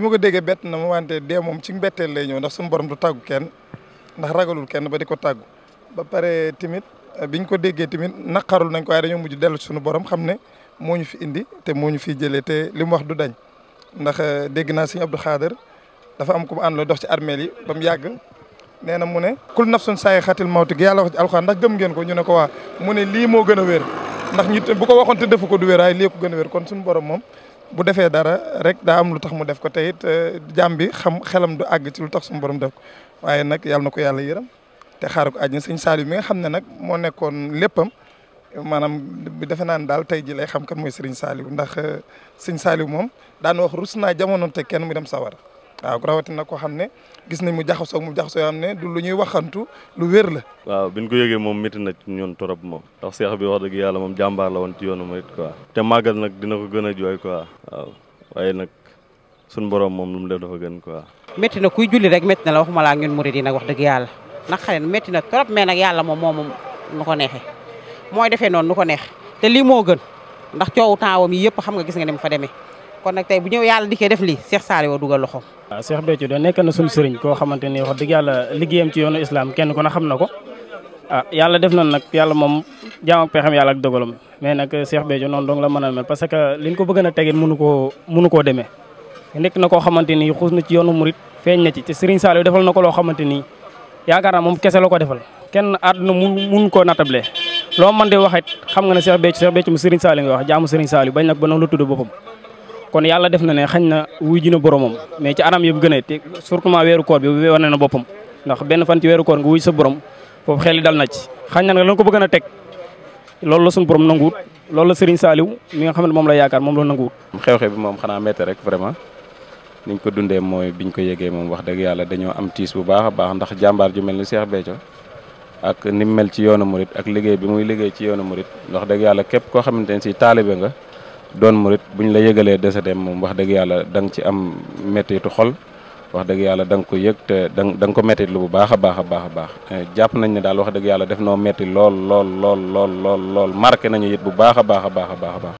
bi ko déggee bett na ma wante dee moom ci mbetteel lay ñëw ndax suñu borom du tàggu kenn ndax ragalul kenn ba di ko tàggu ba pare tamit euh, biñ ko déggee tamit naqarul nañ ko waaye mujj dellu ci suñu borom xam ne moo ñu fi indi te moo ñu fi jëlee te li mu wax du dañ ndax euh, dégg naa sëñ Abdou Khader dafa am ku mu àndaloo dox ci armeel yi ba mu yàgg nee na mu ne kul nafsun saay xatil mawti gi yàlla wax ci alxuraan ndax gëm ngeen ko ñu ne ko waa mu ne lii moo gën a wér ndax ñu bu ko waxoon te defu ko du wér waaye lii ko gën a wér kon suñu borom moom bu defee dara rek daa am lu tax mu def ko te it eh, jàmm bi xam xelam du àgg ci lu tax suñu borom def ko waye nag yàlla na ko yàlla yërëm te xaaru ko àjjana sëñ Saliou mi nga xam ne nag moo nekkoon léppam maanaam defe naa ne daal tey ji lay xam kan mooy sëriñ Saliou ndax eh, sëñ Saliou moom daan wax rus naa jamono te kenn mu dem sawar waaw rawatina ko xam ne gis nañ mu jaxasoo mu jaxasoo yoo xam ne du lu ñuy waxantu lu wér la. waaw bi ñu ko yëgee moom métti na ci ñun trop moom ndax seex bi wax dëgg yàlla moom jàmbaar la woon ci yoonu murit te màggal nag dina ko a jooy quoi waaw waaye borom moom mu def dafa gën na kuy julli rek metti na la waxuma laa ñun murit yi a wax dëgg yàlla ndax xale metti na trop mais nag yàlla moom moomu nu ko neexee mooy defee noonu nu ko neex te lii moo gën ndax coowu taawam yi yëpp xam nga gis nga ni mu fa deme kon nag tey bu ñëw yàlla dikk koy def lii Cheikh Saliou dugal loxo. waaw Cheikh Béthio da nekk na suñu sëriñ koo xamante ni wax dëgg yàlla liggéeyam ci kenn ku ne xam na ko ah yàlla def na nag yàlla moom jaam ak pexem yàlla ak dogalam mais nag Cheikh Béthio noonu dong la mën a mel parce que liñ ko bëgg a tegee mënu koo mënu koo demee. nekk na koo xamante ni xuus na ci yoonu murit feeñ na ci te Serigne Saliou defal na ko loo xamante ni yaakaar moom kese la ko defal kenn àdduna mun mun koo natable loo mën di waxit xam nga ne Cheikh Béthio Cheikh Béthio mu Serigne kon yàlla def na ne xañ na wuy ji na boromam mais ci anam yëpp gën a te surtout weeru koor bi wane na boppam ndax benn fan ci weeru koor nga wuy sa borom foofu xel yi dal na ci xañ na nga lan ko bëgg a teg loolu la suñu borom nanguwut loolu la Serigne saaliw mi nga xam ne moom la yaakaar moom la nanguwut. xew-xew bi moom xanaa métti rek vraiment niñ ko dundee mooy biñ ko yëgee moom wax dëgg yàlla dañoo am tiis bu baax a baax ndax jàmbaar ju mel ni Cheikh Béthio ak ni mu mel ci yoonu murit ak liggéey bi muy liggéey ci yoonu murit wax dëgg yàlla képp koo xamante ne si taalibe nga doon murit buñ la yëgalee décédé moom wax dëgg yàlla da nga ci am méttiitu xol wax dëgg yàlla da ko yëg te da nga da nga ko méttiitlu bu baax a baax a baax a baax eh, jàpp nañ ne daal wax dëgg yàlla def noo métti lool lool lool lool lool lool marqué nañu it bu baax a baax a baax a baax